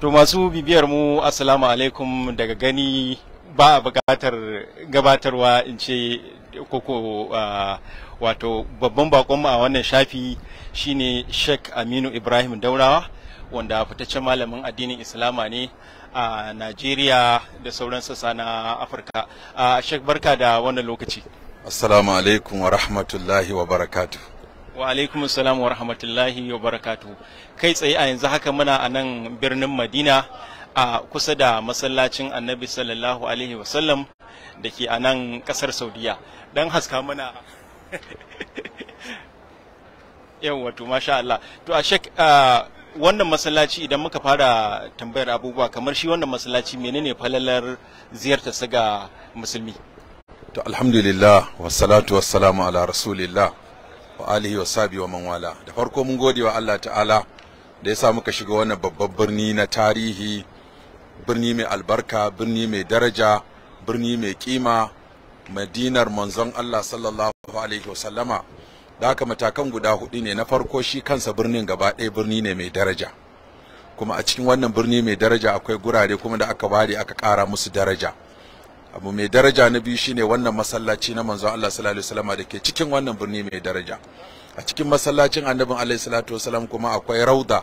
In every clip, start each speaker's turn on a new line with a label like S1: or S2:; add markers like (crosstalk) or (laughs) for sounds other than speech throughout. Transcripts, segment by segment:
S1: To masu bibiyar mu assalamu alaikum daga gani ba a bukatar gabatarwa in ce koko wato babban bakonmu a wannan shafi shine Sheikh Aminu Ibrahim Daurawa wanda fitaccen malamin addinin Islama ne a Najeriya da sauran sassa na Afirka. Sheikh barka da wannan lokaci.
S2: Assalamu alaikum wa rahmatullahi wa barakatuh.
S1: wa alaikum salam wa rahmatullahi wa barakatuhu kai tsaye a yanzu haka muna a nan birnin madina a kusa da masallacin annabi sallallahu alaihi wasallam da ke a nan kasar saudiya don haska muna. (laughs) yau wato masha Allah to a shek wannan masallaci idan muka fara tambayar abubuwa kamar shi wannan masallaci menene falalar
S2: ziyartar su ga musulmi to alhamdulillah wassalatu wassalamu ala rasulillah wa alihi wa sabi wa man wala da farko mun gode wa Allah ta'ala da ya sa muka shiga wannan babban birni na tarihi birni mai albarka birni mai daraja birni mai kima madinar manzon Allah sallallahu alaihi wa sallama da haka matakan guda hudu ne na farko shi kansa birnin gaba ɗaya birni ne mai daraja kuma a cikin wannan birni mai daraja akwai gurare kuma da aka ware aka kara musu daraja abu mai daraja na biyu shine wannan masallaci na manzon Allah sallallahu alaihi wasallam da ke cikin wannan birni mai daraja a cikin masallacin annabin alaihi salatu wasallam kuma akwai rauda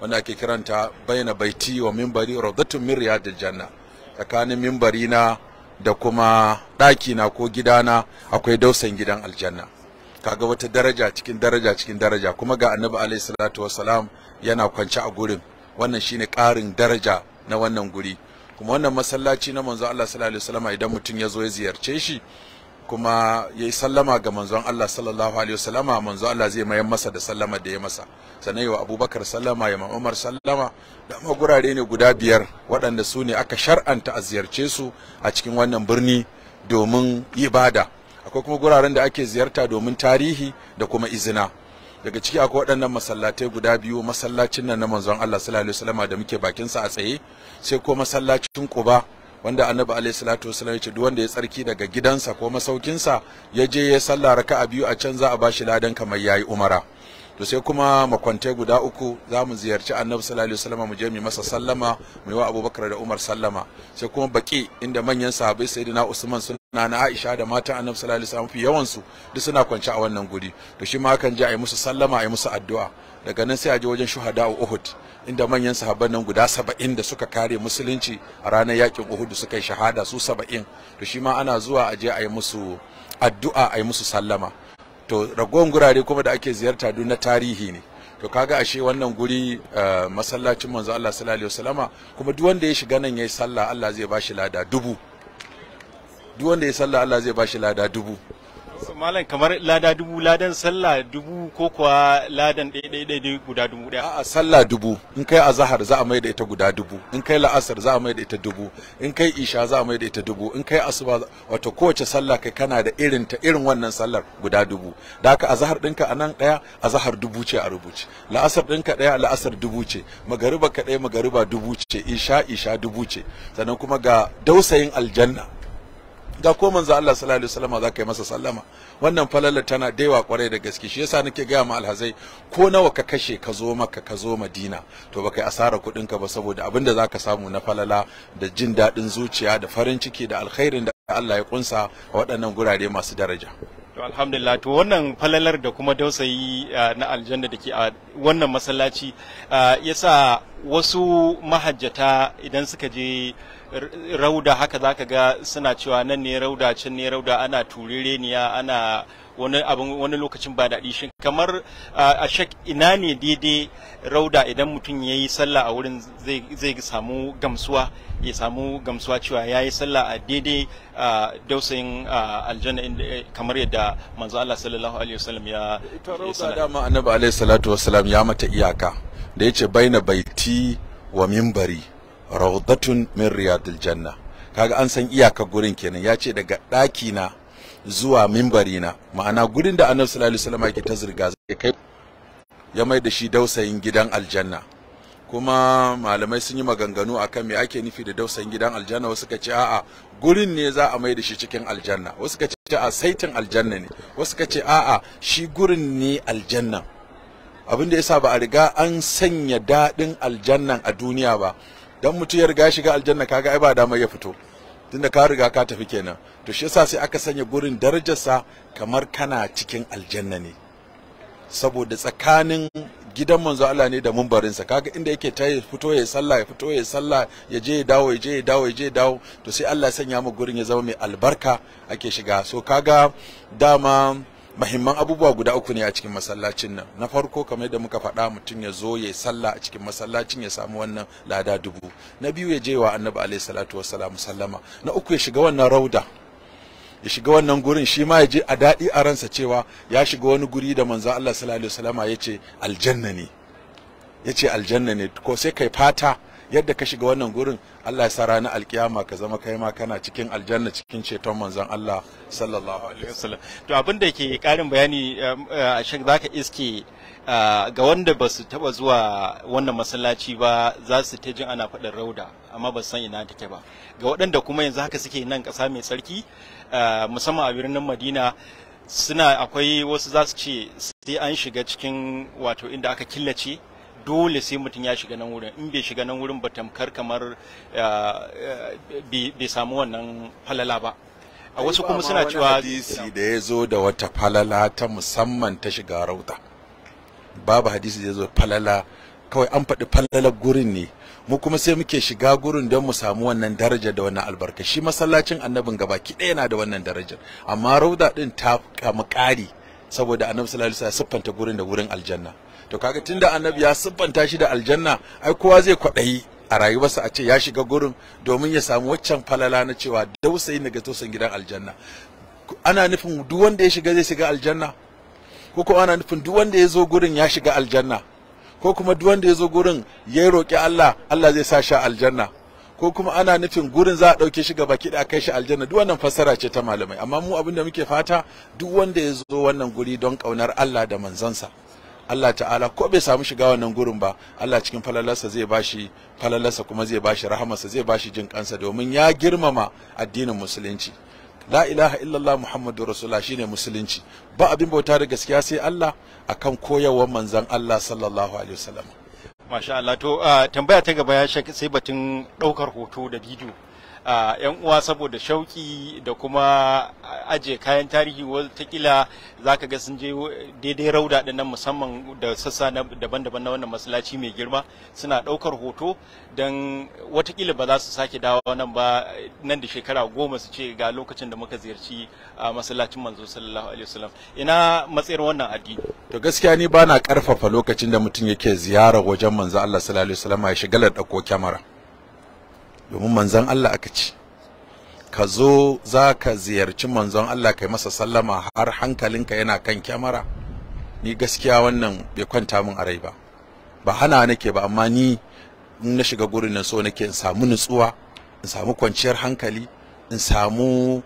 S2: wanda ake kiranta baina baiti wa minbari raudatun min riyadil janna tsakanin minbari na da kuma ɗaki na ko gidana akwai dausan gidan aljanna kaga wata daraja cikin daraja cikin daraja kuma ga annabi alaihi salatu wasallam yana kwance a gurin wannan shine karin daraja na wannan guri kuma wannan masallaci na manzon Allah sallallahu alaihi wasallam idan mutum ya zo ya ziyarce shi kuma ya yi sallama ga manzon Allah sallallahu alaihi wasallam manzon Allah zai mayar masa da sallama da ya masa sannan yawa Abubakar sallama ya Umar sallama da kuma gurare ne guda biyar waɗanda su ne aka shar'anta a ziyarce su a cikin wannan birni domin ibada akwai kuma guraren da ake ziyarta domin tarihi da kuma izina daga ciki akwai waɗannan masallatai guda biyu masallacin nan na manzon Allah sallallahu alaihi wasallam da muke bakin sa a tsaye sai ko masallacin Quba wanda Annabi alaihi salatu wasallam yace duk wanda ya tsarki daga gidansa ko masaukinsa ya je ya salla raka'a biyu a can za a bashi ladan kamar yayi umara to sai kuma makwante guda uku za mu ziyarci annabi sallallahu alaihi wasallam mu je mu masa sallama mu yi wa abubakar da umar sallama sai kuma baki inda manyan sahabbai sayyidina usman sun na Aisha da matan Annabi sallallahu alaihi wasallam yawan su duk suna kwance a wannan guri to shi ma hakan ji a yi musu sallama a yi musu addu'a daga nan sai a je wajen shuhada Uhud inda manyan sahabban nan guda 70 da suka kare musulunci a ranar yakin Uhud suka yi shahada su 70 to shi ma ana zuwa a je a yi musu addu'a a yi musu sallama to ragowar gurare kuma da ake ziyarta duk na tarihi ne to kaga ashe wannan guri eh, masallacin manzo Allah sallallahu alaihi wasallama kuma duk wanda ya shiga nan yayi sallah Allah zai ba shi lada dubu duk wanda ya sallah Allah zai bashi lada dubu malam kamar lada
S1: dubu ladan sallah dubu ko kuwa ladan ɗaiɗaiɗai guda dubu ɗaya a'a sallah
S2: dubu in kai azahar za a mai da ita guda dubu in kai la'asar za a mai da ita dubu in kai isha za a mai da ita dubu in kai asuba wato kowace sallah kai kana da irin ta irin wannan sallar guda dubu da haka azahar ɗinka a nan ɗaya azahar dubu ce a rubuce la'asar ɗinka ɗaya la'asar dubu ce magariba ka ɗaya magariba dubu ce isha isha dubu ce sannan kuma ga dausayin aljanna ga ko manzo Allah sallallahu alaihi wasallam za ka yi masa sallama wannan falalar tana daiwa kwarai da gaske shi yasa nake gaya ma alhazai ko nawa ka kashe ka zo maka ka zo madina to baka yi asara kuɗin ka ba saboda abin da zaka samu na falala da jin daɗin zuciya da farin ciki da alkhairin da Allah ya kunsa a waɗannan gurare masu daraja
S1: to alhamdulillah to wannan falalar da kuma dausayi eh, na aljanna dake a wannan masallaci eh, yasa wasu mahajjata idan suka je rauda haka za ka ga suna cewa nan ne rauda can ne rauda ana turereniya ana wani abin wani lokacin ba daɗi shi kamar a shak ina ne daidai rauda idan mutum ya yi sallah a wurin zai samu gamsuwa ya samu gamsuwa cewa ya yi sallah a daidai dausayin aljanna eh, kamar yadda manzo Allah sallallahu alaihi wasallam ya ita rauda dama annabi
S2: alaihi salatu wasallam ya mata iyaka da yace baina baiti wa minbari rawdatun min riyadil janna kaga an san iyaka gurin kenan ya ce daga daki na zuwa mimbari na ma'ana gurin da annabi sallallahu alaihi wasallam yake ta zai kai ya mai da shi dausayin gidan aljanna kuma malamai sun yi maganganu akan me ake nufi da dausayin gidan aljanna wasu ka a'a gurin ne za a mai da shi cikin aljanna wasu ka ce a saitin aljanna ne wasu ka a'a shi gurin ne aljanna abin da yasa ba a riga an sanya daɗin aljannan a duniya ba dan mutu ya riga shiga aljanna kaga ai ba dama ya fito tunda ka riga ka tafi kenan to shi yasa sai aka sanya gurin darajarsa kamar kana cikin aljanna ne saboda tsakanin gidan manzo Allah ne da sa kaga inda yake ta fito ya sallah ya fito ya sallah ya je ya dawo ya je ya dawo ya je ya dawo to sai Allah ya sanya mu gurin ya zama mai albarka ake shiga so kaga dama mahimman abubuwa guda uku ne a cikin masallacin nan na farko kamar yadda muka faɗa mutum ya zo ya sallah a cikin masallacin ya samu wannan lada dubu na biyu ya je wa annabi alaihi salatu wassalam sallama na uku ya shiga wannan rauda ya shiga wannan gurin shi ma ya je a daɗi a ransa cewa ya shiga wani guri da manzo Allah sallallahu alaihi wasallama ya ce aljanna ne ya ce aljanna ne ko sai kai fata yadda ka shiga wannan gurin Allah ya sa ranar alkiyama ka zama kai ma kana cikin aljanna cikin ceton manzon Allah sallallahu alaihi wasallam to abin da ke karin
S1: bayani a eh, eh, shek zaka iske eh, ga wanda ba su taba zuwa wannan masallaci ba za su ta jin ana faɗin rauda amma ba san ina take ba ga waɗanda kuma yanzu haka suke nan kasa mai tsarki musamman a birnin Madina suna akwai wasu za su ce sai an shiga cikin wato inda aka killace dole sai mutum ya shiga nan wurin in bai shiga nan wurin ba tamkar kamar eh, eh, bai samu wannan falala ba
S2: a wasu kuma suna cewa hadisi da ya zo da wata falala ta musamman ta shiga rauta babu hadisi da ya zo falala kawai an faɗi falala gurin ne mu kuma sai muke shiga gurin don mu samu wannan daraja da wannan albarka shi masallacin annabin gaba ki ɗaya na da wannan darajar amma rauda din ta kamu ƙari saboda annabi sallallahu alaihi wasallam siffanta gurin da wurin aljanna to kaga tunda annabi ya siffanta shi da aljanna ai kowa zai kwaɗayi a rayuwarsa a ce ya shiga gurin domin ya samu waccan falala na cewa dausayi daga gatosan gidan aljanna ana nufin duk wanda ya shiga zai shiga aljanna ko kuma ana nufin duk wanda ya zo gurin ya shiga aljanna ko kuma duk wanda ya zo gurin ya roƙi Allah Allah zai sa shi aljanna ko kuma ana nufin gurin za a ɗauke shi gaba da kai shi aljanna duk wannan fassara ce ta malamai amma mu abin da muke fata duk wanda ya zo wannan guri don ƙaunar Allah da manzansa Allah ta'ala ko bai samu shiga wannan gurin ba Allah cikin falalarsa zai bashi falalarsa kuma zai bashi rahamarsa zai bashi jin kansa domin ya girmama addinin musulunci la ilaha illallah muhammadu rasulullah shine musulunci ba abin bauta da gaskiya sai Allah akan koyarwar manzon Allah sallallahu alaihi wasallam
S1: masha Allah to ah, tambaya ta gaba ya sai batun daukar hoto da bidiyo 'yan uwa saboda shauki da kuma aje kayan tarihi watakila za ka ga sun je daidai rauda nan musamman da sassa daban-daban na wannan masallaci mai girma suna ɗaukar hoto don watakila ba za su sake dawo nan ba nan da shekara goma su ce ga lokacin da muka ziyarci masallacin manzo sallallahu alaihi wasallam ina matsayar wannan addini
S2: to gaskiya ni bana karfafa lokacin da mutum yake ziyara wajen manzo Allah sallallahu alaihi wasallam ya shigalar ɗauko kyamara domin manzon Allah aka ce ka zo za ka ziyarci manzon Allah kai masa sallama har hankalinka yana kan kyamara ni gaskiya wannan bai kwanta min a rai ba ba hana nake ba amma ni na shiga gurin nan so nake in samu nutsuwa in samu kwanciyar hankali in samu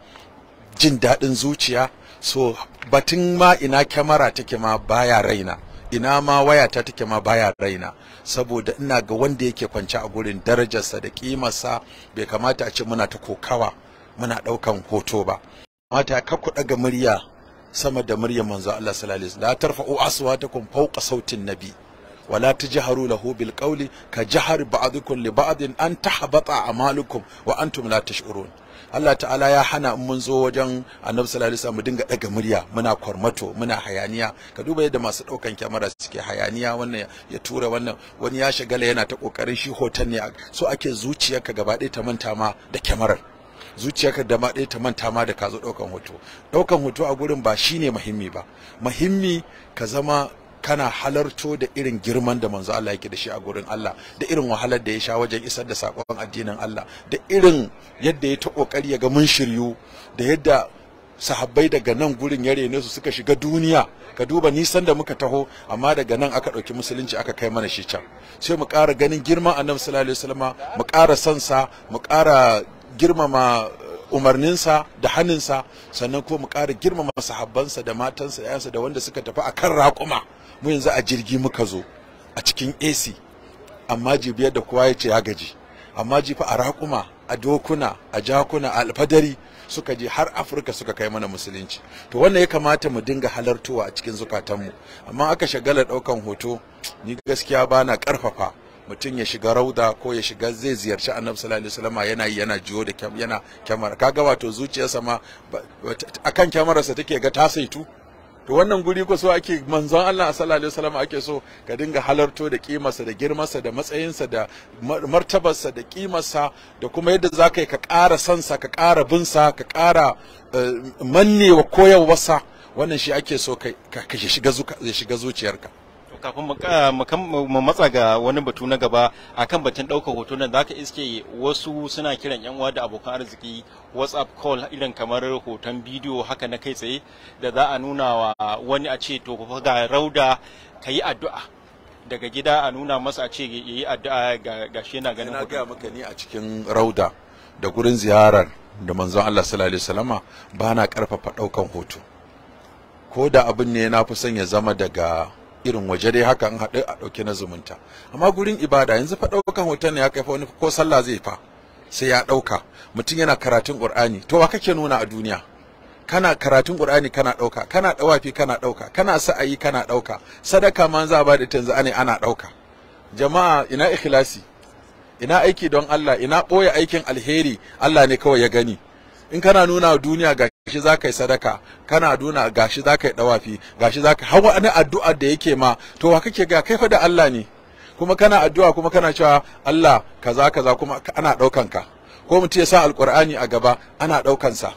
S2: jin daɗin zuciya so batun ma ina kyamara take ma baya raina ina ma waya ta take ma baya raina saboda ina ga wanda yake kwance a gurin darajarsa da kimarsa bai kamata a ce muna ta kokawa muna daukan hoto ba mata ka ku daga murya sama da muryar manzo Allah sallallahu alaihi wasallam la tarfa'u aswatakum fawqa sautin nabi qawli ka jahar ba'dukum li ba'din an tahbata a'malukum wa antum la tash'urun Allah ta'ala ya hana in mun zo wajen annabi sallallahu alaihi wasallam mu dinga daga murya muna kwarmato muna hayaniya ka duba yadda masu daukan kyamara suke hayaniya wannan ya tura wannan wani ya shagala yana ta kokarin shi hoton ne so ake zuciyarka gaba ɗaya ta manta ma da kyamarar zuciyarka da ma ɗaya ta manta ma da ka zo ɗaukan hoto ɗaukan hoto a gurin ba shine muhimmi ba muhimmi ka zama kana halarto da irin girman da manzo Allah yake da shi a gurin Allah da irin wahalar da ya sha wajen isar da sakon addinin Allah da irin yadda ya ta kokari ya ga mun shiryu da yadda sahabbai daga nan gurin ya ne su suka shiga duniya ka duba nisan da muka taho amma daga nan aka ɗauki musulunci aka kai mana shi can sai mu kara ganin girman annabi sallallahu alaihi wasallam mu kara sansa mu kara girmama umarninsa da haninsa sannan kuma mu ƙara girmama sahabbansa da matansa da yansa da wanda suka tafi a kan raƙuma mu yanzu a jirgi muka zo a cikin AC amma jibiyar da kowa ya ce ya gaji amma jifa a raƙuma a dokuna a jakuna a alfadari suka je har afirka suka kai mana musulunci to wannan ya kamata mu dinga halartowa a cikin zukatanmu amma aka shagala ɗaukan hoto ni gaskiya bana ƙarfafa mutum ya shiga rauda ko ya shiga zai ziyarci annabi sallallahu alaihi wasallam yana yana jiyo da yana kyamara kaga wato zuciyarsa ma akan kyamararsa take ga tasaitu. to wannan guri ko so ake manzon Allah sallallahu alaihi wasallam ake so ka dinga halarto da kimarsa da girmarsa da matsayinsa da martabarsa da kimarsa da kuma yadda zaka ka yi ka ƙara sansa ka ƙara binsa ka ƙara eh, mannewa koyarwarsa wannan shi ake so ka shiga zuciyarka kafin mu matsa ga wani batu na
S1: gaba akan batun ɗaukar hoto nan zaka iske wasu suna kiran yan uwa da abokan arziki whatsapp call irin kamar hoton bidiyo haka na kai tsaye da za a nuna wa wani a ce to ga rauda ka yi addu'a daga gida a nuna masa a ce ya yi addu'a ga shi yana ganin hoton. Ina maka ni a
S2: cikin rauda da gurin ziyarar da manzon Allah sallallahu alaihi wasallama ba na karfafa ɗaukan hoto. Ko da abin ne na fi son ya zama daga irin waje dai haka in haɗu a ɗauke na zumunta amma gurin ibada yanzu fa ɗaukan hoton ne ya kai wani ko sallah zai fa sai ya ɗauka mutum yana karatun ƙur'ani to wa kake nuna a duniya kana karatun ƙur'ani kana ɗauka kana ɗawafi kana ɗauka kana sa'ayi kana ɗauka sadaka ma za ba da tanzu ne ana ɗauka jama'a ina ikhlasi ina aiki don Allah ina ɓoye aikin alheri Allah ne kawai ya gani in kana nuna duniya ga gashi za ka yi sadaka kana duna gashi za ka yi dawafi gashi za ka hawa ne addu'a da yake ma to wa kake ga kai fa da Allah ne kuma kana addu'a kuma kana cewa Allah kaza kaza kuma ana daukan ka ko mutum ya sa alqur'ani a gaba ana ɗaukansa.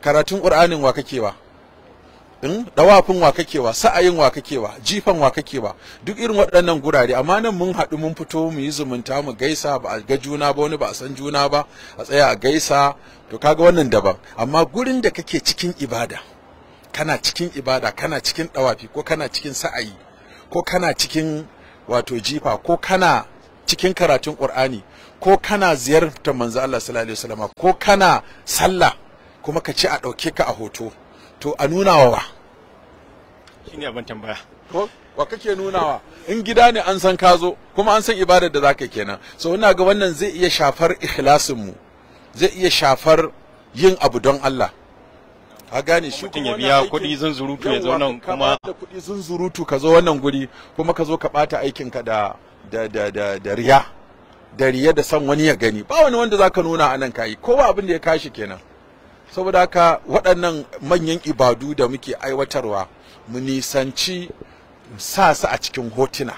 S2: karatun ƙur'anin wa kake wa in dawafin wa kakewa sa'ayin wa kakewa jifan wa kakewa duk irin waɗannan gurare amma nan mun haɗu mun fito mu yi zumunta mu gaisa ba a ga juna ba wani ba a san juna ba a tsaya a gaisa to kaga wannan daban amma gurin da kake cikin ibada kana cikin ibada kana cikin dawafi ko kana cikin sa'ayi ko kana cikin wato jifa ko kana cikin karatun Qur'ani ko kana ziyartar manzo Allah sallallahu alaihi wasallam ko kana sallah kuma ka ce a ɗauke ka a hoto to a nunawa wa ne abin tambaya ko wa kake nunawa in gida ne an san ka zo kuma an san ibadar da zaka kenan so ina ga wannan zai iya shafar ikhlasin mu zai iya shafar yin abu don Allah ka gane shi mutum ya biya kuɗi zunzurutu ya zo nan kuma da kuɗi zurutu ka zo wannan guri kuma ka zo ka bata aikin ka da da da da da riya da riya da san wani ya gani ba wani wanda zaka nuna anan kai kowa abin da ya kashi kenan saboda haka waɗannan manyan ibadu da muke aiwatarwa mu nisanci sa su a cikin hotuna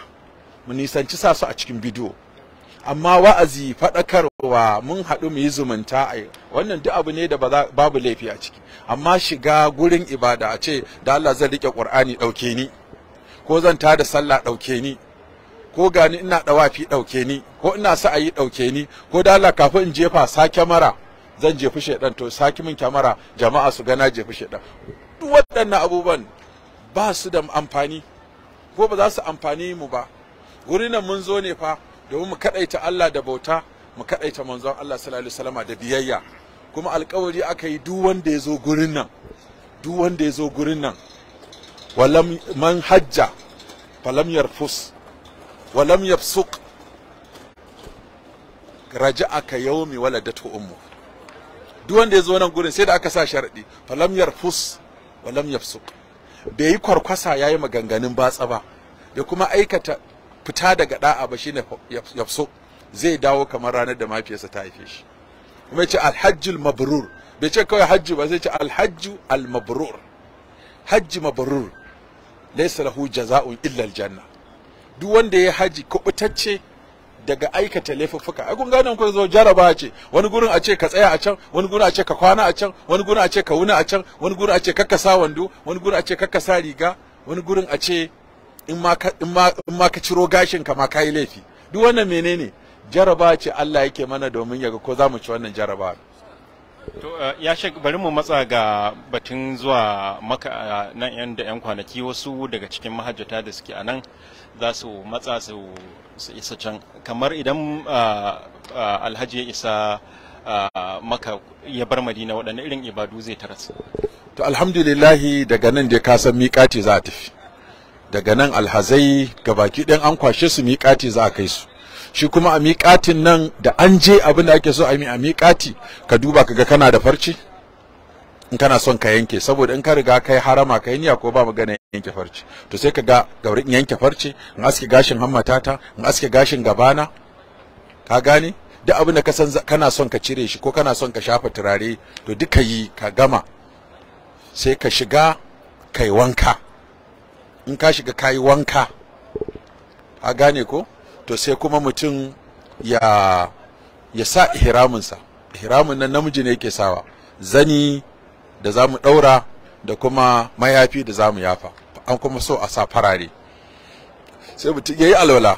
S2: mu nisanci sa su a cikin bidiyo amma wa'azi faɗakarwa mun haɗu mu yi zumunta a wannan duk abu ne da babu laifi a ciki amma shiga gurin ibada a ce da Allah zan riƙe ƙur'ani ɗauke ni ko zan tada sallah ɗauke ni ko gani ina ɗawafi ɗauke ni ko ina sa'ayi ɗauke ni ko da Allah kafin in jefa sake mara zan jefi shaidan to saki min kyamara jama'a su gana jefi shaidan duk waɗannan abubuwan ba su da amfani ko ba za su amfani mu ba wurin nan mun zo ne fa domin mu kaɗaita Allah da bauta mu kaɗaita manzon Allah sallallahu alaihi wasallama da biyayya kuma alƙawari aka yi duk wanda ya zo gurin nan duk wanda ya zo gurin nan walam man hajja falam yarfus walam yafsuq raja'aka yawmi waladatu ummuh duk wanda ya zo nan gurin sai da aka sa sharadi falam yarfus walam yafsuq bai yi kwarkwasa yayi maganganun batsa ba da kuma aikata fita daga da'a ba shine yafsu zai dawo kamar ranar da mafiyarsa ta haife shi kuma ya ce alhajjul mabrur bai ce kawai hajji ba zai ce alhajju almabrur hajji mabrur laysa lahu jaza'un illa aljanna duk wanda ya haji kubutacce daga aikata laifuffuka ai kun gane kun zo jaraba ce wani gurin a ce ka tsaya a can wani gurin a ce ka kwana a can wani gurin a ce ka wuna a can wani gurin a ce kakka sa wando wani gurin a ce kakka sa riga wani gurin a ce in ma ka ciro gashin ka ma ka yi laifi duk wannan menene jaraba ce Allah yake mana domin yaga ko za mu ci wannan jaraba to
S1: eh, ya shek bari mu matsa ga batun zuwa maka eh, nan yan da yan kwanaki wasu daga cikin mahajjata da suke a nan za su matsa su isa can kamar idan ah, ah, alhaji ya isa ah, maka ya bar madina waɗanne irin ibadu zai taras
S2: to alhamdulillahi daga nan dai ka miƙati za a tafi daga nan alhazai ga baki ɗin an kwashe su miƙati za a kai su shi kuma a miƙatin nan da an je abin da ake so a a miƙati ka duba ka ga kana da farci in kana son ka yanke saboda in ka riga kai harama ka yi niyya ko ba magana yanke farce to sai ka ga gauri in yanke farce in aske gashin hammata ta, in aske gashin gabana ka gane duk abin da ka san kana son ka cire shi ko kana son ka shafa turare to duka yi ka gama sai ka shiga kai wanka in ka shiga kayi wanka ka gane ko to sai kuma mutum ya ya sa ihraminsa ihramin nan namiji ne yake sawa zani da za mu ɗaura da kuma mayafi da za mu yafa an kuma so a sa farare sai mutum ya yi alwala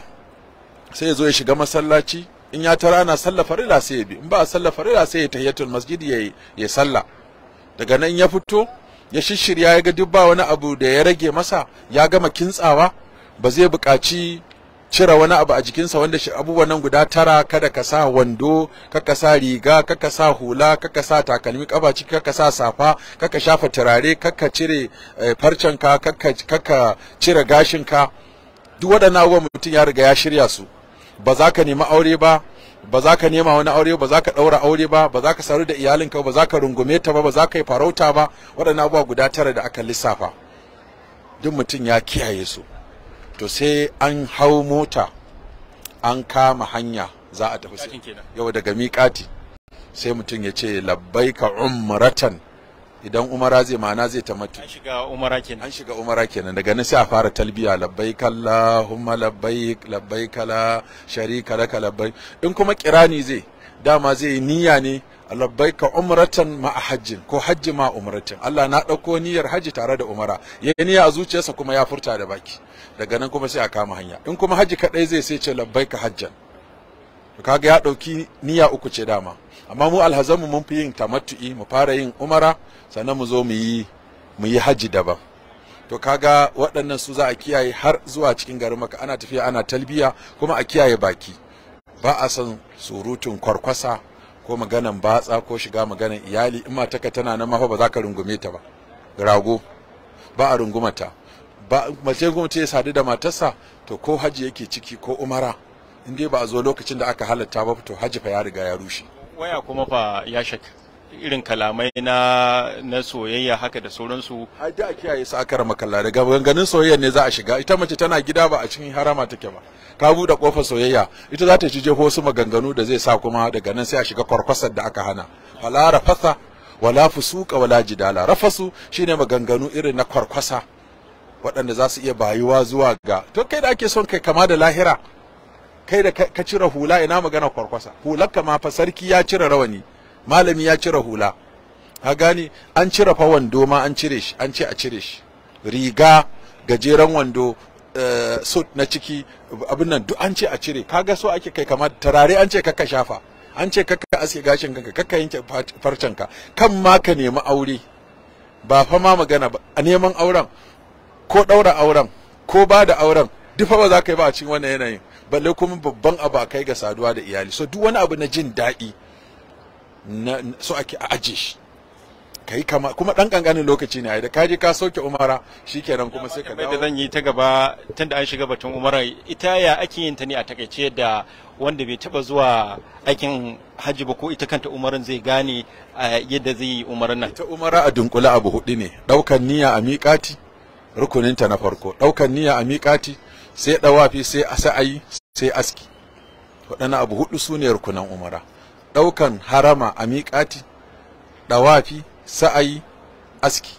S2: sai ya zo ya shiga masallaci in ya tara ana sallah farila sai ya bi in ba a sallah farila sai ya tahiyatul masjid ya ya sallah daga nan ya fito ya shishirya ya ga duk ba wani abu da ya rage masa ya gama kintsawa ba zai buƙaci cire wani abu a jikinsa wanda abubuwan nan guda tara kada ka sa wando kaka sa riga kaka sa hula kaka sa takalmi kaba ciki kaka sa safa kaka shafa turare kaka cire eh, farcenka kaka cire gashinka duk waɗannan abubuwan mutum ya riga ya shirya su ba za ka nemi aure ba ba za ka nema wani aure ba za ka ɗaura aure ba ba za ka saru da iyalinka ba za ka rungume ta ba ba za ka yi farauta ba waɗannan abubuwa guda tara da aka lissafa duk mutum ya kiyaye su to sai an hau mota an kama hanya za a tafi yau daga miƙati sai mutum ya ce ka umratan idan umara zai ma'ana zai ta mutu an shiga umara kenan daga nan sai a fara talbiya labbaik allahumma labbaik labbai kala sharika laka labbai in kuma kirani zai dama zai niyya ne labbaika umratan ma hajjin ko hajji ma umratin Allah na ɗauko niyyar hajji tare da umara ya niyya a zuciyarsa kuma ya furta da baki daga nan kuma sai a kama hanya in kuma hajji kadai zai sai ce labbaika hajjan to kaga ya ɗauki niyya uku ce dama amma mu alhazamu mun fi yin tamattu'i mu fara yin umara sannan mu zo mu yi mu yi hajji daban to kaga waɗannan su za a kiyaye har zuwa cikin garin maka ana tafiya ana talbiya kuma a kiyaye baki ba a son surutun kwarkwasa ko maganan batsa ko shiga maganan iyali in mataka tana nan fa ba za ka rungume ta ba rago ba a rungumata ba mace kuma ce sadu da matarsa to ko haji yake ciki ko umara in dai ba a zo lokacin da aka halatta ba to haji fa ya riga ya rushe
S1: waya kuma fa ya shaka irin kalamai na na soyayya haka da sauransu
S2: ai da kiyaye su sakar makalla daga ganganin soyayya ne za a shiga ita mace tana gida ba a cikin harama take ba ka bude kofar soyayya ita za ta ci jefo su maganganu da zai sa kuma daga nan sai a shiga kwarkwasar da aka hana wala rafasa wala fusuka wala jidala rafasu shine maganganu irin na kwarkwasa waɗanda za su iya bayuwa zuwa ga to kai da ake son kai kama da lahira kai da ka cire hula ina magana kwarkwasa hular ma fa sarki ya cire rawani malami ya cire hula a gani an cire fa wando ma an cire shi an ce a cire shi riga gajeren wando eh, suit na ciki abin nan duk an ce a cire kaga so ake kai kamar tarare an ce kakka shafa an ce kakka aske gashin kanka kakka yanke farcenka kan ma ka nemi aure ba fa ma magana ba a neman auren ko ɗaura auren ko ba da auren duk ba za ka yi ba a cikin wannan yanayin balle kuma babban abu a kai ga saduwa da iyali so duk wani abu na jin daɗi so ake a aje shi kai kama kuma dan kankanin lokaci ne da kaji ka soke umara shikenan kuma sai ka dawo
S1: zan yi ta gaba tunda an shiga batun umara ita ya ake yin ta ne a takaice da wanda bai taba zuwa aikin hajji ba ko ita kanta umarin zai gane yadda zai
S2: yi umarin nan ita umara a dunkule abu hudu ne daukan niyya a miƙati rukuninta na farko daukan niyya a miƙati sai dawafi sai asa'ayi sai aski waɗannan abu hudu su ne rukunan umara ɗaukan harama a miƙati ɗawafi sa'ayi aski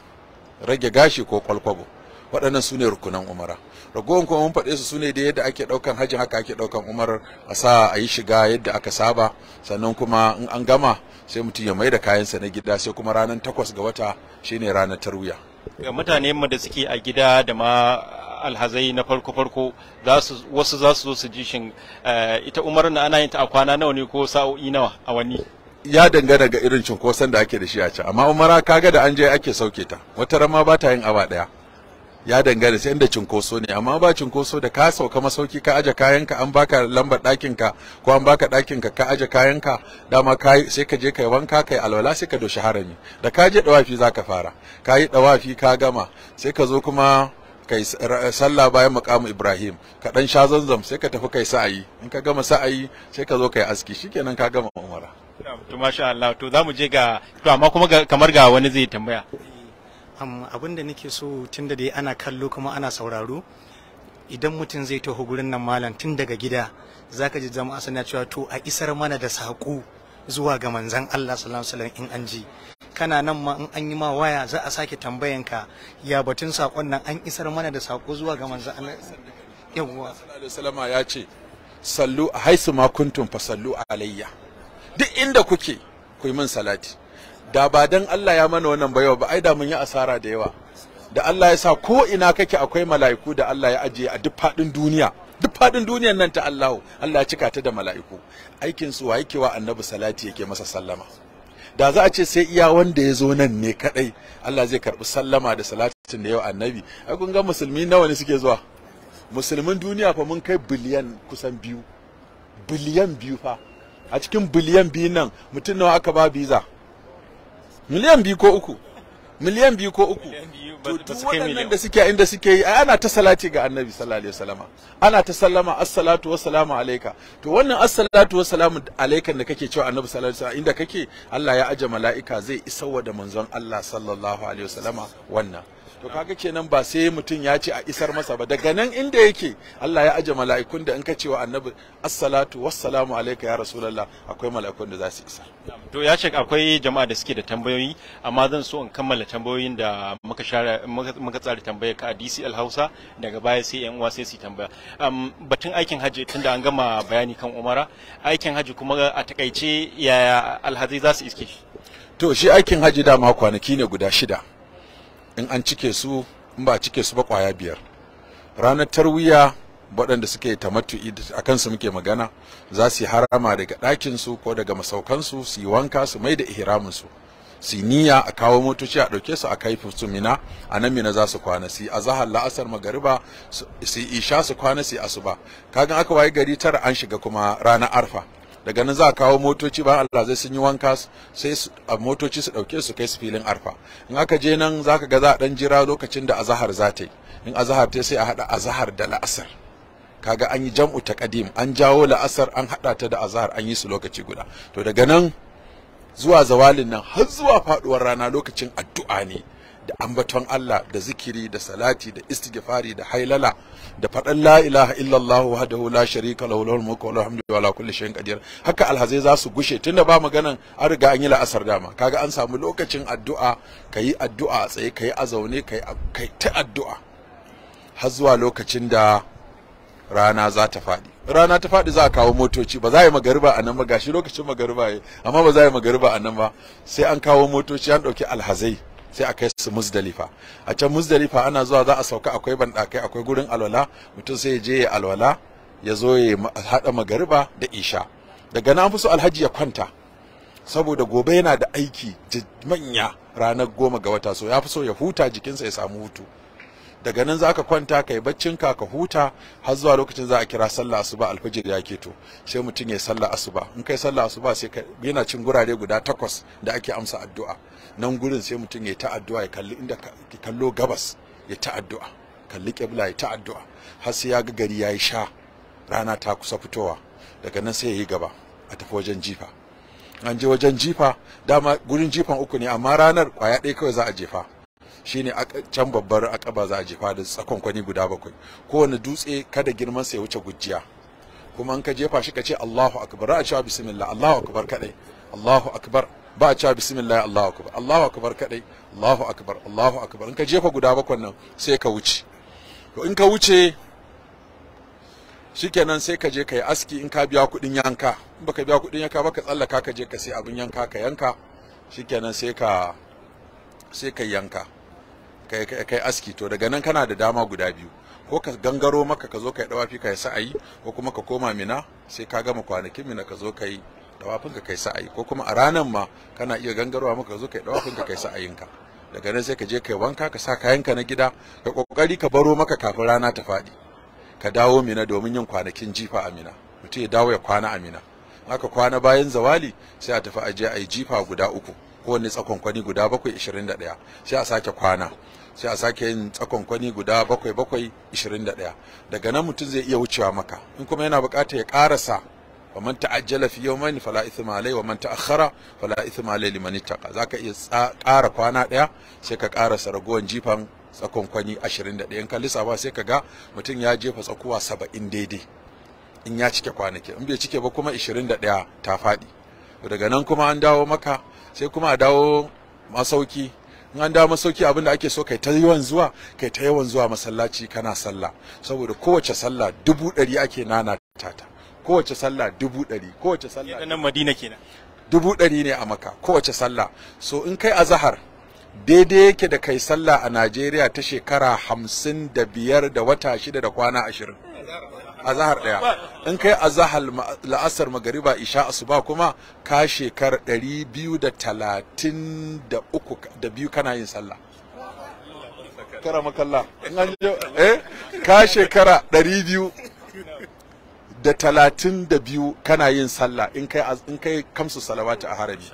S2: rage gashi ko kwalkwago waɗannan su ne rukunan umara ragowar kuma mun faɗe su su ne da yadda ake ɗaukan hajjin haka ake ɗaukan umar a sa a yi shiga yadda aka saba sannan kuma in an gama sai mutum ya mai da kayansa na gida sai kuma ranar takwas ga wata shine ranar tarwiya
S1: ga mutane da suke a gida da ma alhazai na farko farko wasu za su zo su ji shin eh, ita Umar na ana yin ta a kwana nawa ne ko sa'o'i nawa
S2: a wani ya dangana ga irin cinkoson da ake da shi a can amma umara kaga da an je ake sauke ta wata rama ba ta yin awa daya ya dangana sai inda cunkoso ne amma ba cunkoso da ka sauka masauki ka aje kayanka an baka lambar ɗakinka ko an baka ɗakinka ka aje kayanka dama ka sai ka je kai wanka kai alwala sai ka doshi harami da ka je dawafi zaka fara ka yi dawafi ka gama sai ka zo kuma kai sallah bayan makamu ibrahim ka dan sha zanzam sai ka tafi kai sa'ayi in ka gama sa'ayi sai ka zo kai aski shikenan ka gama umara
S1: to masha Allah to zamu je ga
S2: to amma kuma kamar ga wani zai tambaya eh,
S1: am abin da nake so tun da dai ana kallo kuma ana sauraro idan mutum zai taho gurin nan malam tun daga gida zaka ji jama'a suna cewa to a isar mana da saƙo zuwa ga manzon Allah sallallahu alaihi wasallam in an ji kana nan ma in an yi ma waya za a sake tambayan ka ya batun sakon nan an isar mana da sako zuwa ga manzo Allah yawwa
S2: sallama ya ce sallu a haisu ma kuntum fa sallu alayya duk inda kuke ku yi min salati da ba dan Allah ya mana wannan bayo ba ai da mun yi asara da yawa da Allah ya sa ko ina kake akwai mala'iku da Allah ya ajiye a duk fadin duniya duk fadin duniyar nan ta Allahu Allah ya cika ta da mala'iku aikin su wa yake wa annabi salati yake masa sallama da za a ce sai iya wanda ya zo nan ne kadai Allah zai karbi sallama da salatin da yau annabi ai kun ga musulmi nawa ne suke zuwa musulmin duniya fa mun kai biliyan kusan biyu biliyan biyu fa a cikin biliyan biyu nan mutum nawa aka ba biza miliyan biyu ko uku miliyan biyu ko uku to duk waɗannan da suke inda suke yi ana ta salati ga annabi sallallahu alaihi wasallama ana ta sallama assalatu wassalamu alaika to wannan assalatu wassalamu alaikan da kake cewa annabi sallallahu alaihi wasallama inda kake Allah ya aje mala'ika zai isar wa da manzon Allah sallallahu alaihi wasallama wannan to kaga kenan ba sai mutum ya ce a isar masa ba daga nan inda yake Allah ya aje mala'ikun da in ka cewa annabi assalatu wassalamu alayka ya rasulullah akwai mala'ikun da za su isa
S1: to ya ce akwai jama'a da suke da tambayoyi amma zan so in kammala tambayoyin da muka share muka tsara tambayar ka a Al Hausa daga baya sai yan uwa sai su tambaya batun aikin haji tunda an gama bayani kan umara aikin haji kuma a takaice yaya Alhaji za su iske shi
S2: to shi aikin haji dama kwanaki ne guda shida in an cike su in ba cike su ba kwaya biyar ranar tarwiya waɗanda suke tamattu'i a kansu muke magana za su yi harama daga ɗakinsu ko daga masaukansu su yi wanka su mai da ihiraminsu su niyya a kawo motoci a ɗauke su a kai su mina a nan mina za su kwana su a zahar la'asar magariba su isha su kwana su yi asuba kagan aka wayi gari tara an shiga kuma ranar arfa daga nan za a kawo motoci ba bayan zai sun yi wanka sai motoci su ɗauke su kai su filin arfa in aka je nan za ka ga za a ɗan jira lokacin da azahar za ta yi in azahar ta sai a haɗa azahar da la'asar kaga an yi jam'u ta kadim an jawo la'asar an haɗa ta da azahar an yi su lokaci guda to daga nan zuwa zawalin nan har zuwa faɗuwar rana lokacin addu'a ne da ambaton Allah da zikiri da salati da istighfari da hailala da faɗan la ilaha illallah wahdahu la sharika lahu lahul mulku wa lahul wa ala kulli shay'in qadir haka alhazai za su gushe tunda ba maganan an riga an yi la'asar dama kaga an samu lokacin addu'a kayi addu'a tsaye kayi a zaune kayi kai ta addu'a har zuwa lokacin da rana za ta faɗi rana ta faɗi za a kawo motoci ba za a yi magariba a nan ba gashi lokacin magariba ya amma ba za a yi magariba a nan ba sai an kawo motoci an ɗauki alhazai sai a kai su muzdalifa a can muzdalifa ana zuwa za a sauka akwai banɗakai akwai gurin alwala mutum sai ya je ya alwala ya zo ya haɗa magariba da isha daga nan fi so alhaji ya kwanta saboda gobe yana da aiki manya ranar goma ga wata so ya fi so ya huta jikinsa ya samu hutu daga nan za ka kwanta ka yi baccinka ka huta har zuwa lokacin za a kira sallah asuba alfajir ya keto sai mutum ya sallah asuba in kai sallah asuba sai yana cin gurare guda takwas da ake amsa addu'a nan gurin sai mutum ya ta'addu'a ya kalli inda kallo gabas ya ta'addu'a kalli kibla ya ta'addu'a har sai ya ga gari ya yi sha rana ta kusa fitowa daga nan sai ya yi gaba a tafi wajen jifa an je wajen jifa dama gurin jifan uku ne amma ranar kwaya ɗaya kawai za a jefa shine can babbar akaba za a jefa da tsakon kwani guda bakwai kowane dutse kada girman sa ya wuce gujiya kuma an ka jefa shi ka ce Allahu akbar a cewa bismillah Allahu akbar kadai Allahu akbar ba a cewa bismillah Allahu akbar Allahu akbar kadai Allahu akbar Allahu akbar in ka jefa guda bakwan nan sai ka wuce to in ka wuce shikenan sai ka je ka yi aski in ka biya kuɗin yanka in baka biya kuɗin yanka ba ka tsallaka ka je ka sai abin yanka ka yanka shikenan sai ka sai ka yanka kai kai aski to daga nan kana da dama guda biyu ko ka gangaro maka ka zo ka yi dawafi ka yi sa'ayi ko kuma ka koma mina sai ka gama kwanakin mina ka zo ka yi dawafin ka kai sa'ayi ko kuma a ranar ma kana iya gangarwa maka zo kai dawafin ka kai sa'ayinka daga nan sai ka je kai wanka ka sa kayanka na gida ka kokari ka baro maka kafin rana ta faɗi ka dawo mina domin yin kwanakin jifa a mutum ya dawo ya kwana a haka aka kwana bayan zawali sai a tafi aje a yi jifa guda uku kowanne tsakonkwani guda bakwai ishirin da ɗaya sai a sake kwana sai a sake yin tsakonkwani guda bakwai bakwai ishirin da ɗaya daga nan mutum zai iya wucewa maka in kuma yana buƙatar ya ƙarasa wa man ta'ajjala fi yawmayn fala ithma alayhi wa man ta'akhkhara fala ithma alayhi liman ittaqa zaka iya ƙara kwana daya. sai ka kara saragowan jifan tsakon kwani 21 in ka lissafa sai ka ga mutum ya jefa tsakuwa 70 daidai in ya cike kwanaki in bai cike ba kuma 21 ta faɗi daga nan kuma an dawo maka sai kuma a dawo masauki in an dawo masauki abin da ake so kai ta yawan zuwa kai ta yawan zuwa masallaci kana sallah saboda kowace sallah dubu ɗari ake nana tata kowace sallah dubu ɗari kowace sallah nan madina kenan dubu ɗari ne a maka kowace sallah so in kai a zahar daidai yake da kai sallah a Najeriya ta shekara hamsin da biyar da wata shida da kwana ashirin a zahar ɗaya in kai a zahar la'asar magariba isha asuba kuma ka shekar ɗari biyu da talatin da uku da biyu kana yin sallah kara makalla eh ka shekara ɗari biyu da talatin da biyu kana yin sallah in kai in kai kamsu salawatu a harami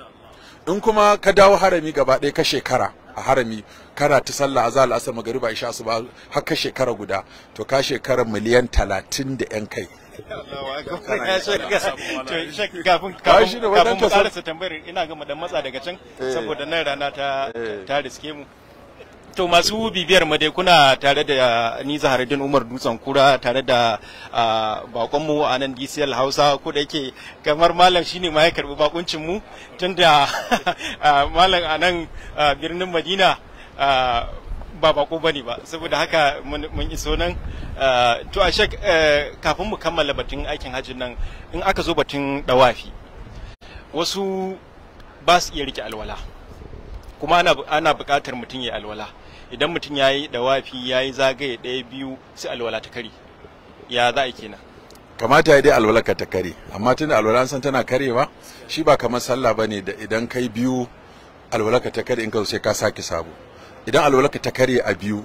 S2: in kuma ka dawo harami gaba ɗaya ka shekara a harami kana ta sallah zala asar magariba isha asuba har ka shekara guda to ka shekara miliyan talatin da yan kai
S1: kafin mu tambayar ina gama dan matsa daga can eh. saboda nan rana ta eh. riske mu To masu bibiyar mu dai kuna tare da ni Zaharuddin Umar Dutsen Kura tare da bakonmu a nan DCL Hausa ko da yake kamar malam shine ma ya karbi bakuncin mu tunda (laughs) malam a nan birnin Madina ba bako bane ba saboda haka mun iso nan to a shek kafin mu kammala batun aikin hajjin nan in aka zo batun dawafi wasu ba su iya rike alwala kuma ana buƙatar mutum ya alwala idan mutum ya yi dawafi ya yi zagaye ɗaya biyu sai alwala ta kari ya za a kenan
S2: kamata ya dai alwala ka ta kare amma tun da alwala san tana karewa shi ba kamar sallah ba ne da idan kai biyu alwala ka ta kare in ka zo sai ka sake sabo idan alwala ka ta kare a biyu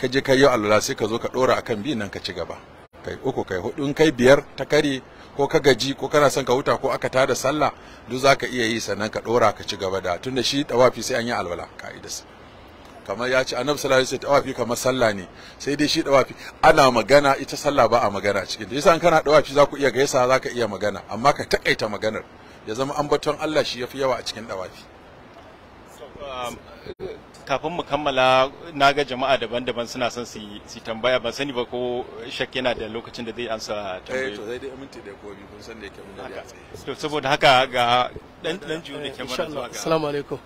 S2: ka je yi yau alwala sai ka zo ka ɗora akan biyu nan ka ci gaba kai uku kai hudu in kai biyar ta kare ko ka gaji ko kana son ka huta ko aka tada sallah duk za ka iya yi sannan ka ɗora ka ci gaba da tunda shi tawafi sai an yi alwala ka'idarsa kamar ya ce annabi sallallahu alaihi wasallam tawafi kamar sallah ne sai dai shi tawafi ana magana ita sallah ba a magana cikin yasa an kana tawafi za ku iya gaisa za ka iya magana amma ka takaita maganar ya zama ambaton Allah shi yafi yawa a cikin tawafi
S1: kafin mu kammala na ga jama'a daban-daban suna son su tambaya ban sani ba ko shak yana da lokacin da zai ansa tambaya eh, to
S2: zai dai da kun san da yake mun da ya tsaye.
S1: To saboda haka ga dan dan juyu da ke mara zuwa ga. Assalamu alaikum.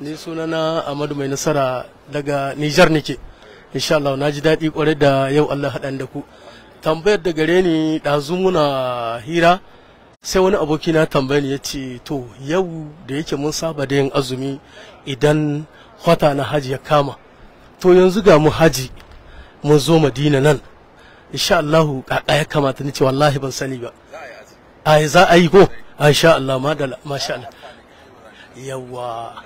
S1: ni sunana Amadu mai nasara daga Nijar nake insha Allah na ji daɗi kwarai da yau
S2: Allah haɗan da ku tambayar da gare ni ɗazu muna hira sai wani aboki na tambayi ya ce to yau da yake mun saba da yin azumi idan kwata na haji ya kama to yanzu ga mu haji mun zo madina nan insha Allahu kaka ya kamata ni ce wallahi ban sani ba ai za a yi ko insha Allah madala masha Allah yawa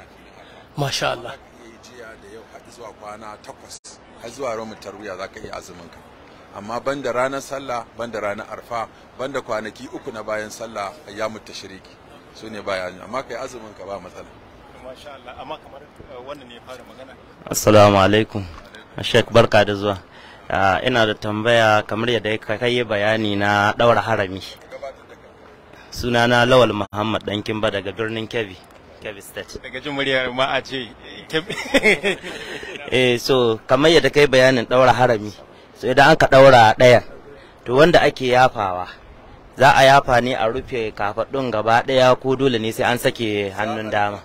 S2: masha Allah jiya da har zuwa kwana takwas har zuwa tarwiya za ka ranar sallah banda ranar arfa banda kwanaki uku na bayan sallah shiriki. su ne bayan amma yi azumin ka ba matsala masha Allah amma kamar eh,
S1: wannan ne Sheikh barka da zuwa ah, ina da tambaya kamar yadda ka yi bayani na daura harami sunana lawal muhammad ɗan ba daga birnin kebbi Kebbi State. Daga jin muryar ma a ce (laughs) Eh so kamar yadda kai bayanin daura harami. So idan an ka daura ɗayan to wanda ake yafawa za a yafa ne a rufe kafaɗun gaba ɗaya ko dole ne sai an sake hannun dama.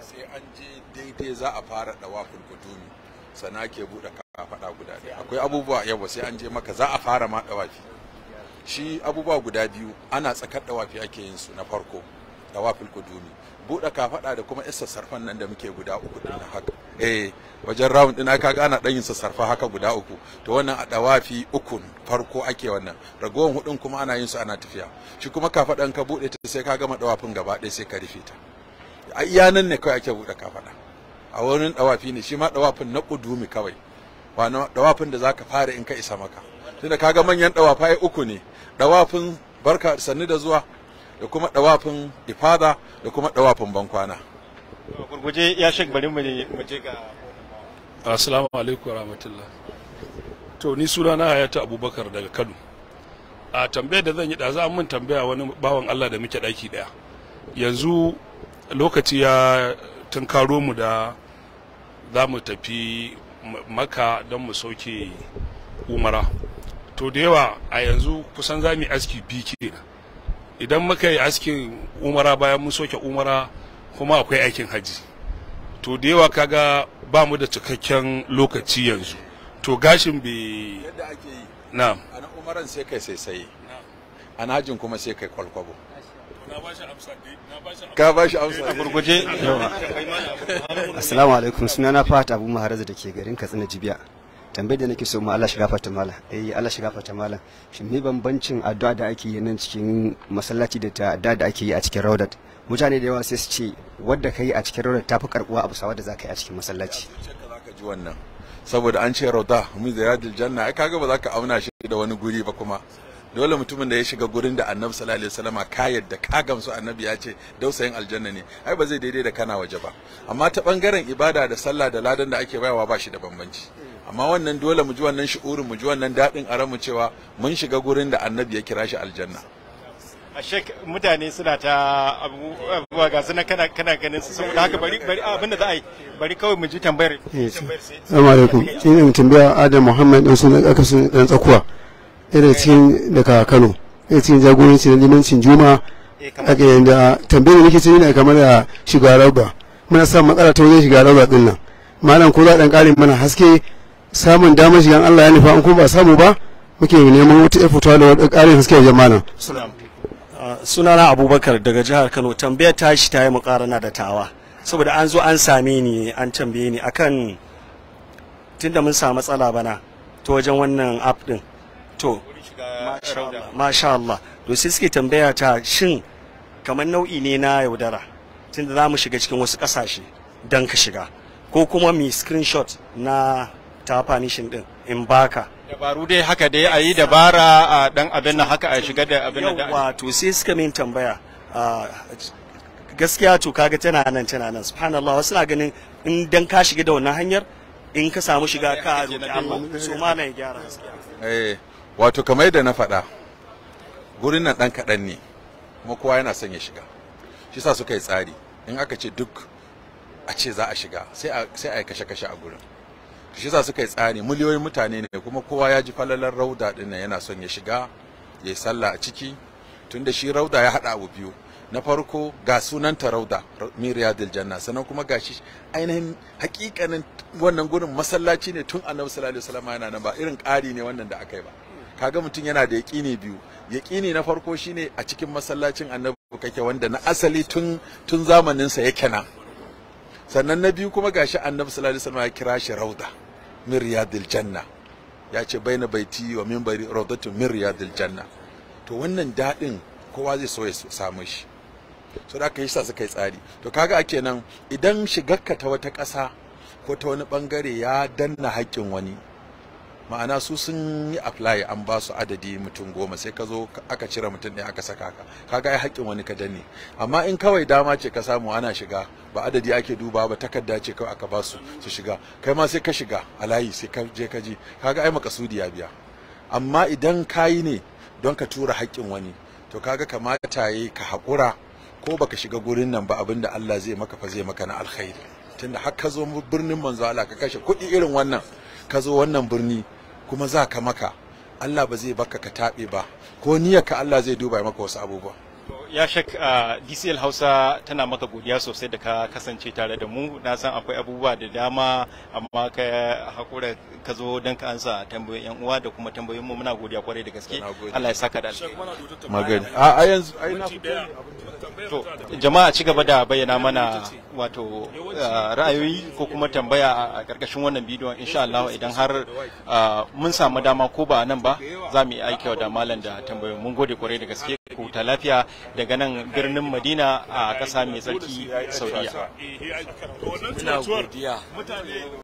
S2: Sai an je daidai za a fara dawa kulkutumi sana ke bude kafaɗa guda ɗaya. Akwai abubuwa yawa sai an je maka za a fara ma dawafi. Shi abubuwa guda biyu ana tsakar dawafi ake yin su na farko. tawafil kudumi buɗe kafaɗa da kuma isa sarfan nan da muke guda uku din haka eh wajen round din ka ga ana dan yin sarfa haka guda uku to wannan a dawafi ukun farko ake wannan ragowan hudun kuma ana yin su ana tafiya shi kuma kafaɗan ka buɗe ta sai ka gama dawafin gaba ɗaya sai ka rufe ta a iya nan ne kawai ake buɗe kafaɗa a wurin dawafi ne shi ma dawafin na kudumi kawai wani dawafin da zaka fara in ka isa maka tunda kaga manyan dawafa uku ne dawafin barka sannu da zuwa da kuma ɗawafin ifada da kuma ɗawafin bankwana gurguje ya shek bari mu
S1: je ga
S2: assalamu alaikum rahmatullah. to ni sunana hayata abubakar daga kano a tambayar da zan yi ɗaza mun tambaya wani bawan allah da muke ɗaki ɗaya yanzu lokaci ya tunkaro mu da za mu tafi maka don mu sauke umara to da yawa a yanzu kusan za mu aski biyu kenan idan muka yi askin umara bayan mun soke umara kuma akwai aikin haji to da yawa kaga ba mu da cikakken lokaci yanzu to gashin bi yadda ake yi na ana umaran sai kai sai sai ana hajin kuma sai kai kwalkwabo ka ba shi amsa a gurguje asalamu alaikum
S1: sunana fata abu maharaza da ke garin katsina jibiya tambayi da nake so ma Allah shiga fata mala eh Allah shiga fata mala shin me bambancin addu'a da ake yi nan cikin masallaci da ta addu'a da ake yi a cikin raudat mutane da yawa sai su ce wadda kai a cikin raudat tafi karbuwa abu sawa da zaka
S2: yi a cikin masallaci saboda an ce rauda zai ziyaradul janna ai kaga ba za auna shi da wani guri ba kuma dole mutumin da ya shiga gurin da annabi sallallahu alaihi wasallama ka yadda ka gamsu annabi ya ce dausayin aljanna ne ai ba zai daidai da kana waje ba amma ta bangaren ibada da sallah da ladan da ake bayawa ba shi da bambanci amma wannan dole mu ji wannan shi'urin mu ji wannan daɗin a mu cewa mun shiga gurin da annabi ya kira shi aljanna
S1: a shek mutane suna ta abubuwa ga suna kana kana ganin su saboda haka bari bari abinda za a yi bari kawai mu ji tambayar assalamu alaikum shi ne mu tambaya adam muhammad dan sunan aka sun dan tsakuwa irin eh. cikin daga kano irin cikin jagoranci na limancin Juma aka yi da tambayar nake cikin yana kamar da shiga rauba muna sa matsala ta wajen shiga rauba din nan malam ko za a dan kare mana haske samun damar shigan Allah ya nufa an kuma ba samu ba muke neman wata ya fito da wani ƙarin haske wajen malam. Uh, sunana abubakar daga jihar kano tambayar ta shi ta yi mukarana da tawa saboda an zo an same ni an tambaye ni akan tunda mun samu matsala bana ta wajen wannan app din to masha Allah to sai suke tambaya ta shin kamar nau'i ne na yaudara tunda za mu shiga cikin wasu ƙasashe don ka shiga ko kuma mi screenshot na ta fanishin din in baka dabaru dai haka dai a yi dabara a dan abin nan haka a shiga da abin da wato sai suka min tambaya gaskiya to kaga tana nan tana nan subhanallah wasu na ganin in dan ka shiga da wannan hanyar in ka samu shiga ka roki Allah so ma na gyara
S2: eh wato kamar yadda na faɗa gurin nan dan kaɗan ne kuma kowa yana son ya shiga shi sa suka yi tsari in aka ce duk a ce za a shiga sai a yi kashe-kashe a gurin shi yasa su yi tsari miliyoyin mutane ne kuma kowa ya ji falalar rauda din yana son ya shiga ya yi sallah a ciki tunda shi rauda ya haɗa abu biyu na farko ga sunanta rauda min janna sannan kuma ga shi ainihin hakikanin wannan gurin masallaci ne tun annabi sallallahu alaihi wasallam yana nan ba irin ƙari ne wannan da aka yi ba kaga mutum yana da yaƙini biyu yaƙini na farko shine a cikin masallacin annabi kake wanda na asali tun tun sa yake nan sannan na biyu kuma gashi annabi sallallahu alaihi wasallam ya kira shi rauda min riyadil janna ya ce baina baiti wa minbari raudatu min riyadil janna to wannan dadin kowa zai so ya samu shi so da aka yi sa suka yi tsari to kaga a kenan idan shigarka ta wata ƙasa ko ta wani bangare ya danna haƙƙin wani ma'ana su sun yi apply an ba su adadi mutum goma sai ka zo aka cire mutum ɗaya aka saka ka kaga ai haƙƙin wani ka danne amma in kawai dama ce ka samu ana shiga ba adadi ake duba ba takarda ce kawai aka ba su su shiga kai ma sai ka shiga a layi sai ka je ka ji kaga ai makasudi ya biya amma idan ka yi ne don ka tura haƙƙin wani to kaga kamata yi ka haƙura ko baka shiga gurin nan ba abinda Allah zai maka fa zai maka na alkhairi tunda har ka zo birnin manzo Allah ka kashe kuɗi irin wannan ka zo wannan birni kuma za ka maka Allah ba zai baka ka taɓe ba ko ka Allah zai duba maka wasu abubuwa
S1: ya shak uh, DCL Hausa tana maka godiya sosai da ka kasance tare da mu na san akwai abubuwa da dama amma ka hakura ka zo don ka ansa tambayoyin yan uwa da kuma tambayoyin mu muna godiya kwarai da gaske Allah ya saka da alheri jama'a ci gaba da bayyana mana wato eh, ra'ayoyi ko kuma tambaya a karkashin wannan bidiyon insha Allah idan har ah, mun samu dama ko ba nan ba za mu yi aiki da malam da tambayoyi mun gode kwarai da gaske ku ta lafiya daga nan birnin Madina a ƙasa mai tsarki Saudiya.